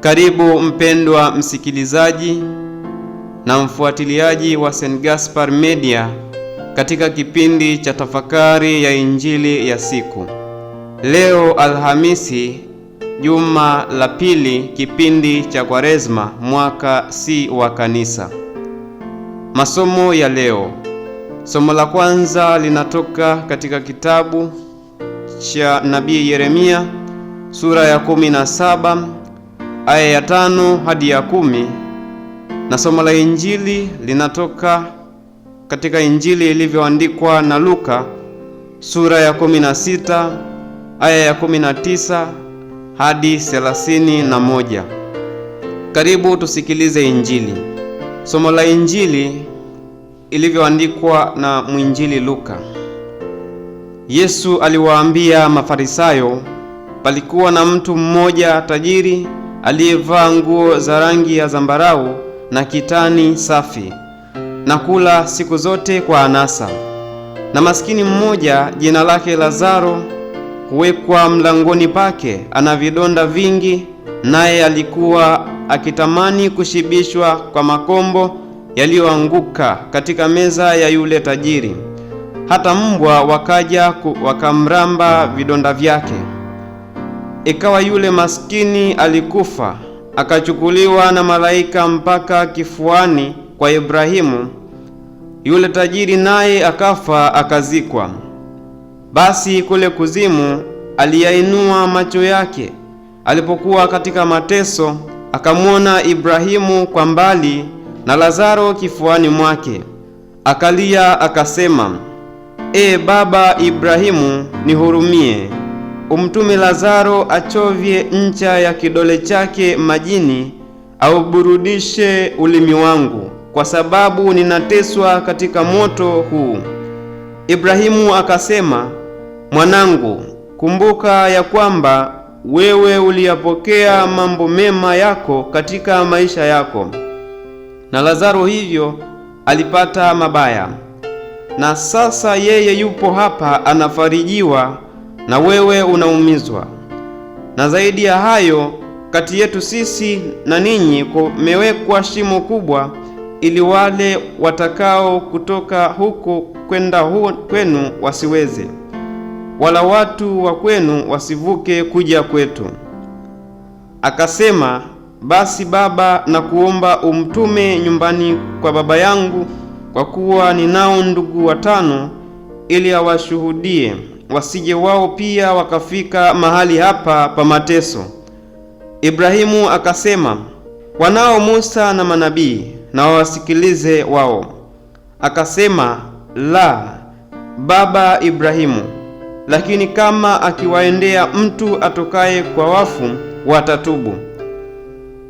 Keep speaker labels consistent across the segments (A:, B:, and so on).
A: Karibu mpendwa msikilizaji na mfuatiliaji wa St. Gaspar Media katika kipindi cha tafakari ya Injili ya siku. Leo Alhamisi, juma la pili kipindi cha Kwaresma, mwaka si wa Kanisa. Masomo ya leo. Somo la kwanza linatoka katika kitabu cha Nabii Yeremia sura ya 17 aya ya tano hadi ya kumi na somo la Injili linatoka katika Injili ilivyoandikwa na Luka sura ya kumi na sita aya ya kumi na tisa hadi thelathini na moja. Karibu tusikilize Injili. Somo la Injili ilivyoandikwa na mwinjili Luka. Yesu aliwaambia Mafarisayo, palikuwa na mtu mmoja tajiri aliyevaa nguo za rangi ya zambarau na kitani safi na kula siku zote kwa anasa, na maskini mmoja jina lake Lazaro kuwekwa mlangoni pake, ana vidonda vingi, naye alikuwa akitamani kushibishwa kwa makombo yaliyoanguka katika meza ya yule tajiri. Hata mbwa wakaja wakamramba vidonda vyake. Ikawa yule maskini alikufa, akachukuliwa na malaika mpaka kifuani kwa Ibrahimu. Yule tajiri naye akafa, akazikwa. Basi kule kuzimu aliyainua macho yake alipokuwa katika mateso, akamwona Ibrahimu kwa mbali na Lazaro kifuani mwake. Akalia akasema, E Baba Ibrahimu, nihurumie umtume Lazaro achovye ncha ya kidole chake majini, auburudishe ulimi wangu, kwa sababu ninateswa katika moto huu. Ibrahimu akasema, mwanangu, kumbuka ya kwamba wewe uliyapokea mambo mema yako katika maisha yako, na Lazaro hivyo alipata mabaya, na sasa yeye yupo hapa anafarijiwa na wewe unaumizwa. Na zaidi ya hayo, kati yetu sisi na ninyi kumewekwa shimo kubwa, ili wale watakao kutoka huko kwenda hu kwenu wasiweze, wala watu wa kwenu wasivuke kuja kwetu. Akasema, basi Baba, nakuomba umtume nyumbani kwa baba yangu, kwa kuwa ninao ndugu watano, ili awashuhudie wasije wao pia wakafika mahali hapa pa mateso. Ibrahimu akasema, wanao Musa na manabii, na wawasikilize wao. Akasema, la, baba Ibrahimu, lakini kama akiwaendea mtu atokaye kwa wafu watatubu.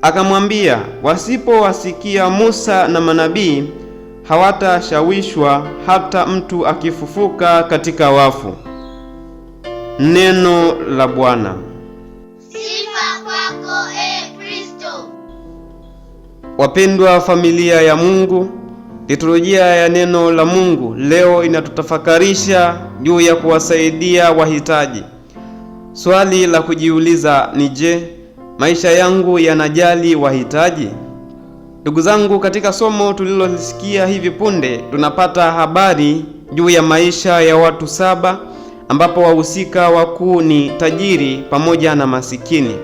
A: Akamwambia, wasipowasikia Musa na manabii hawatashawishwa hata mtu akifufuka katika wafu. Neno la Bwana.
B: Sifa kwako e Kristo. Wapendwa familia ya Mungu, liturujia ya neno la Mungu leo inatutafakarisha juu ya kuwasaidia wahitaji. Swali la kujiuliza ni je, maisha yangu yanajali wahitaji? Ndugu zangu, katika somo tulilolisikia hivi punde tunapata habari juu ya maisha ya watu saba ambapo wahusika wakuu ni tajiri pamoja na masikini.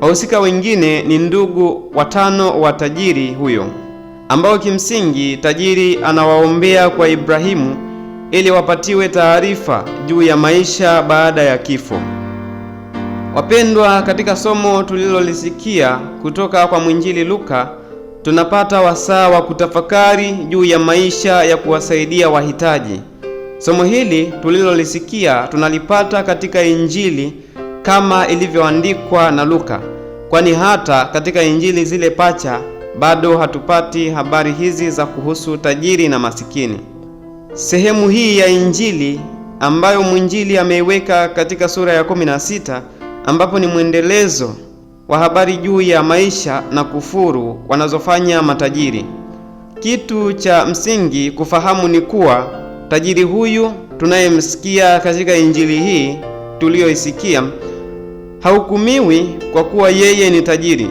B: Wahusika wengine ni ndugu watano wa tajiri huyo, ambao kimsingi tajiri anawaombea kwa Ibrahimu ili wapatiwe taarifa juu ya maisha baada ya kifo. Wapendwa, katika somo tulilolisikia kutoka kwa mwinjili Luka tunapata wasaa wa kutafakari juu ya maisha ya kuwasaidia wahitaji. Somo hili tulilolisikia tunalipata katika Injili kama ilivyoandikwa na Luka, kwani hata katika Injili zile pacha bado hatupati habari hizi za kuhusu tajiri na masikini. Sehemu hii ya Injili ambayo mwinjili ameiweka katika sura ya 16 ambapo ni mwendelezo wa habari juu ya maisha na kufuru wanazofanya matajiri. Kitu cha msingi kufahamu ni kuwa Tajiri huyu tunayemsikia katika injili hii tuliyoisikia hahukumiwi kwa kuwa yeye ni tajiri,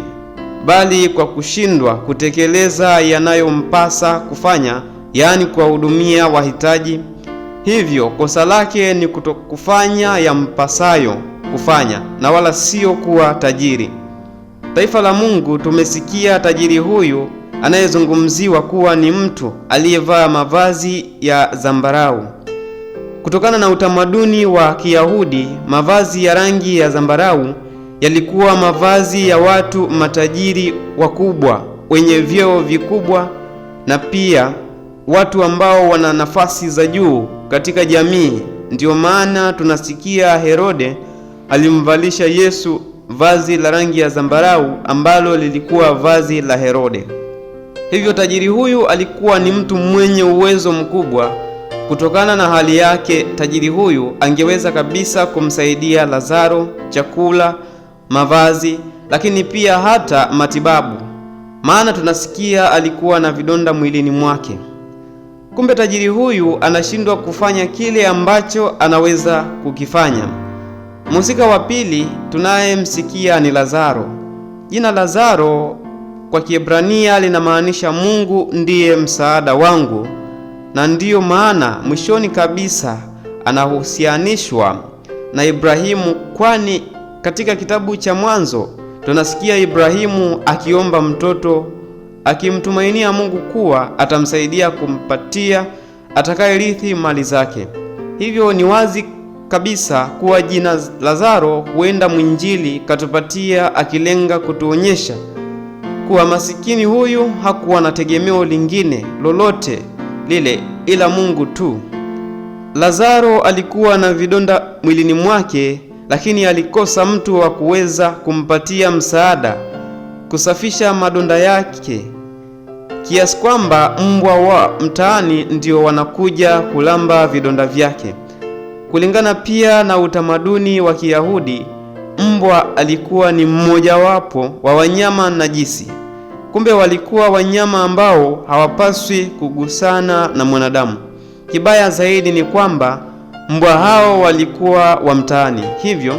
B: bali kwa kushindwa kutekeleza yanayompasa kufanya, yaani kuwahudumia wahitaji. Hivyo kosa lake ni kutokufanya yampasayo kufanya na wala sio kuwa tajiri. Taifa la Mungu, tumesikia tajiri huyu anayezungumziwa kuwa ni mtu aliyevaa mavazi ya zambarau. Kutokana na utamaduni wa Kiyahudi, mavazi ya rangi ya zambarau yalikuwa mavazi ya watu matajiri wakubwa, wenye vyeo vikubwa na pia watu ambao wana nafasi za juu katika jamii. Ndiyo maana tunasikia Herode alimvalisha Yesu vazi la rangi ya zambarau ambalo lilikuwa vazi la Herode. Hivyo tajiri huyu alikuwa ni mtu mwenye uwezo mkubwa. Kutokana na hali yake, tajiri huyu angeweza kabisa kumsaidia Lazaro chakula, mavazi, lakini pia hata matibabu, maana tunasikia alikuwa na vidonda mwilini mwake. Kumbe tajiri huyu anashindwa kufanya kile ambacho anaweza kukifanya. Mhusika wa pili tunayemsikia ni Lazaro. Jina Lazaro kwa Kiebrania linamaanisha Mungu ndiye msaada wangu, na ndiyo maana mwishoni kabisa anahusianishwa na Ibrahimu, kwani katika kitabu cha Mwanzo tunasikia Ibrahimu akiomba mtoto akimtumainia Mungu kuwa atamsaidia kumpatia atakayerithi mali zake. Hivyo ni wazi kabisa kuwa jina Lazaro huenda mwinjili katupatia akilenga kutuonyesha kuwa masikini huyu hakuwa na tegemeo lingine lolote lile ila Mungu tu. Lazaro alikuwa na vidonda mwilini mwake, lakini alikosa mtu wa kuweza kumpatia msaada kusafisha madonda yake, kiasi kwamba mbwa wa mtaani ndio wanakuja kulamba vidonda vyake. Kulingana pia na utamaduni wa Kiyahudi Mbwa alikuwa ni mmojawapo wa wanyama najisi. Kumbe walikuwa wanyama ambao hawapaswi kugusana na mwanadamu. Kibaya zaidi ni kwamba mbwa hao walikuwa wa mtaani, hivyo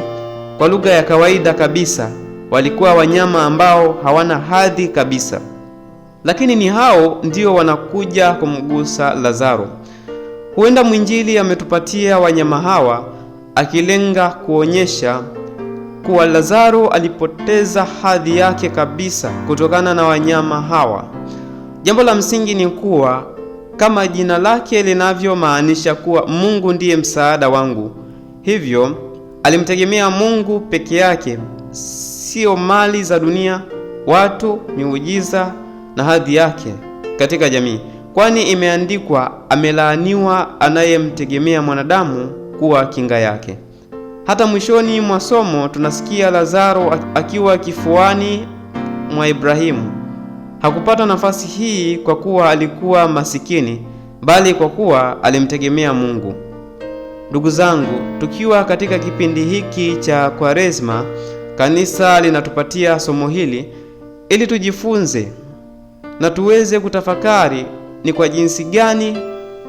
B: kwa lugha ya kawaida kabisa walikuwa wanyama ambao hawana hadhi kabisa. Lakini ni hao ndio wanakuja kumgusa Lazaro. Huenda mwinjili ametupatia wanyama hawa akilenga kuonyesha kuwa Lazaro alipoteza hadhi yake kabisa kutokana na wanyama hawa. Jambo la msingi ni kuwa kama jina lake linavyomaanisha kuwa Mungu ndiye msaada wangu, hivyo alimtegemea Mungu peke yake, sio mali za dunia, watu, miujiza na hadhi yake katika jamii, kwani imeandikwa, amelaaniwa anayemtegemea mwanadamu kuwa kinga yake. Hata mwishoni mwa somo tunasikia Lazaro akiwa kifuani mwa Ibrahimu. Hakupata nafasi hii kwa kuwa alikuwa masikini, bali kwa kuwa alimtegemea Mungu. Ndugu zangu, tukiwa katika kipindi hiki cha Kwaresma, kanisa linatupatia somo hili ili tujifunze na tuweze kutafakari ni kwa jinsi gani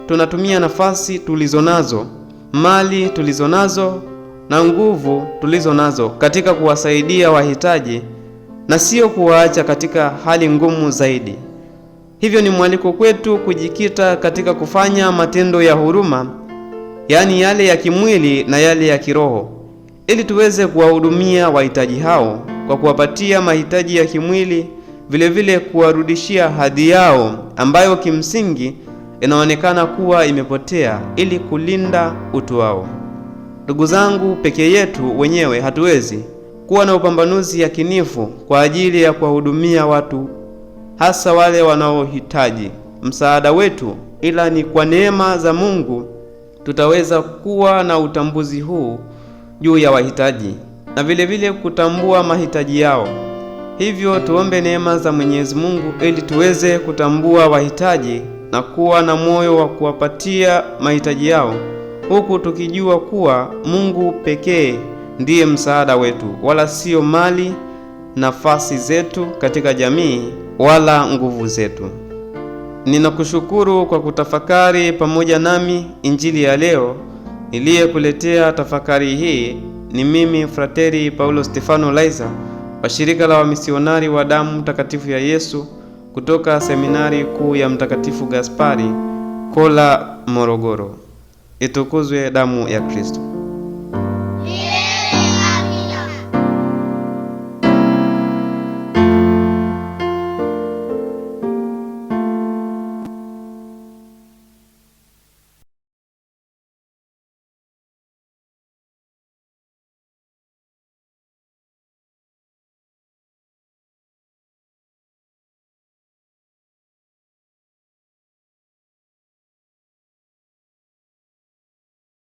B: tunatumia nafasi tulizonazo, mali tulizonazo na nguvu tulizo nazo katika kuwasaidia wahitaji na sio kuwaacha katika hali ngumu zaidi. Hivyo ni mwaliko kwetu kujikita katika kufanya matendo ya huruma, yaani yale ya kimwili na yale ya kiroho, ili tuweze kuwahudumia wahitaji hao kwa kuwapatia mahitaji ya kimwili, vilevile kuwarudishia hadhi yao ambayo kimsingi inaonekana kuwa imepotea, ili kulinda utu wao. Ndugu zangu, pekee yetu wenyewe hatuwezi kuwa na upambanuzi yakinifu kwa ajili ya kuwahudumia watu, hasa wale wanaohitaji msaada wetu, ila ni kwa neema za Mungu tutaweza kuwa na utambuzi huu juu ya wahitaji na vilevile vile kutambua mahitaji yao. Hivyo tuombe neema za Mwenyezi Mungu ili tuweze kutambua wahitaji na kuwa na moyo wa kuwapatia mahitaji yao huku tukijua kuwa Mungu pekee ndiye msaada wetu, wala sio mali, nafasi zetu katika jamii, wala nguvu zetu. Ninakushukuru kwa kutafakari pamoja nami injili ya leo. Niliyekuletea tafakari hii ni mimi Frateri Paulo Stefano Laiza wa shirika la wamisionari wa damu mtakatifu ya Yesu kutoka seminari kuu ya Mtakatifu Gaspari Kola, Morogoro. Itukuzwe damu ya Kristo!